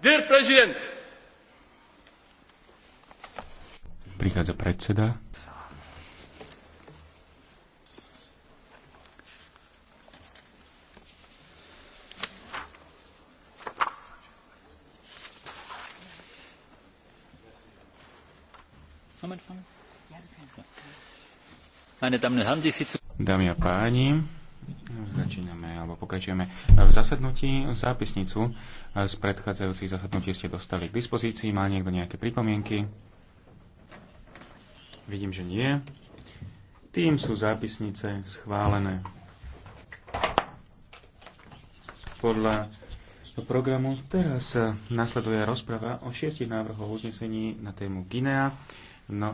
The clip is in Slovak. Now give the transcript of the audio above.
Dear President! Prichádza predseda. Dámy a páni, Začíname alebo pokračujeme v zasadnutí. Zápisnicu z predchádzajúcich zasadnutí ste dostali k dispozícii. Má niekto nejaké pripomienky? Vidím, že nie. Tým sú zápisnice schválené. Podľa programu teraz nasleduje rozprava o šiestich návrhoch uznesení na tému Guinea. No